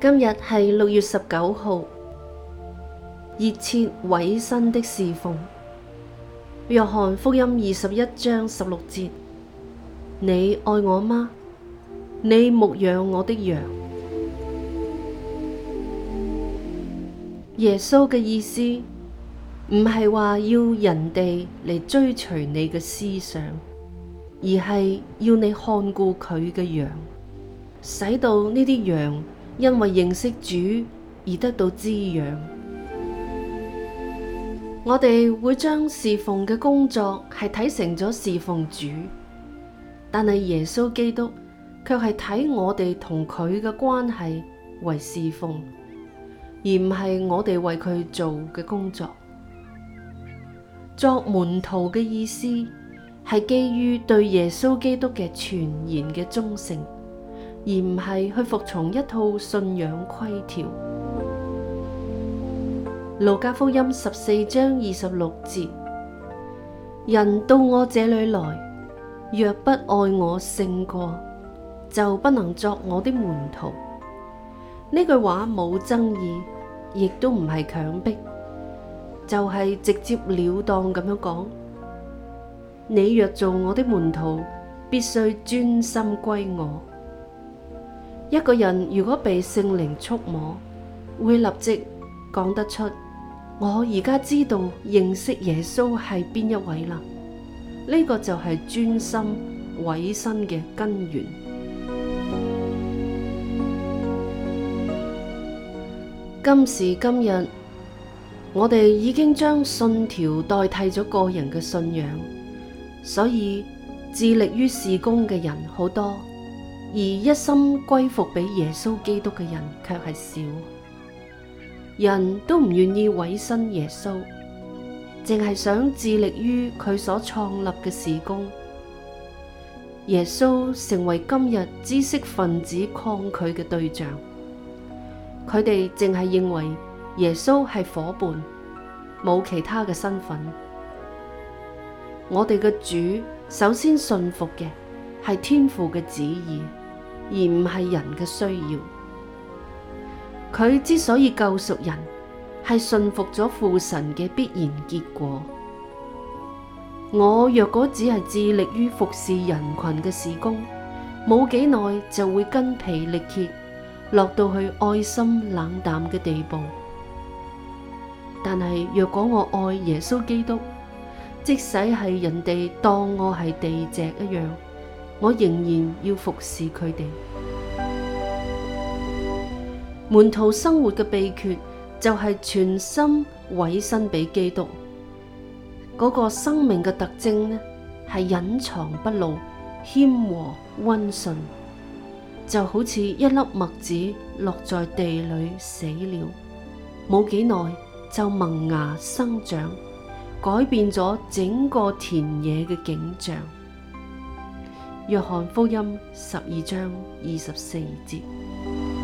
今日係六月十九號，熱切委身的侍奉。約翰福音二十一章十六節：「你愛我嗎？你牧養我的羊」。耶穌嘅意思唔係話要人哋嚟追隨你嘅思想，而係要你看顧佢嘅羊。使到呢啲羊，因為認識主而得到滋養。我哋會將侍奉嘅工作係睇成咗侍奉主，但係耶穌基督卻係睇我哋同佢嘅關係為侍奉，而唔係我哋為佢做嘅工作。作門徒嘅意思係基於對耶穌基督嘅全然嘅忠誠。而唔係去服從一套信仰規條。路加福音十四章二十六節：人到我這裏來，若不愛我勝過就不能作我的門徒。呢句話冇爭議，亦都唔係強迫，就係、是、直接了當咁樣講。你若做我的門徒，必須專心歸我。一個人如果被聖靈觸摸，會立即講得出：我而家知道認識耶穌係邊一位啦。呢個就係專心委身嘅根源。今時今日，我哋已經將信條代替咗個人嘅信仰，所以致力於事工嘅人好多。而一心歸服俾耶穌基督嘅人卻係少，人都唔願意委身耶穌，淨係想致力於佢所創立嘅事工。耶穌成為今日知識分子抗拒嘅對象，佢哋淨係認為耶穌係伙伴，冇其他嘅身份。我哋嘅主首先信服嘅係天父嘅旨意。而唔係人嘅需要，佢之所以救贖人，係順服咗父神嘅必然結果。我若果只係致力於服侍人群嘅事工，冇幾耐就會筋疲力竭，落到去愛心冷淡嘅地步。但係若果我愛耶穌基督，即使係人哋當我係地脊一樣。我仍然要服侍佢哋。門徒生活嘅秘訣就係全心委身畀基督。嗰個生命嘅特徵呢，係隱藏不露，謙和溫順，就好似一粒麥子落在地裏死了，冇幾耐就萌芽生長，改變咗整個田野嘅景象。約翰福音十二章二十四節。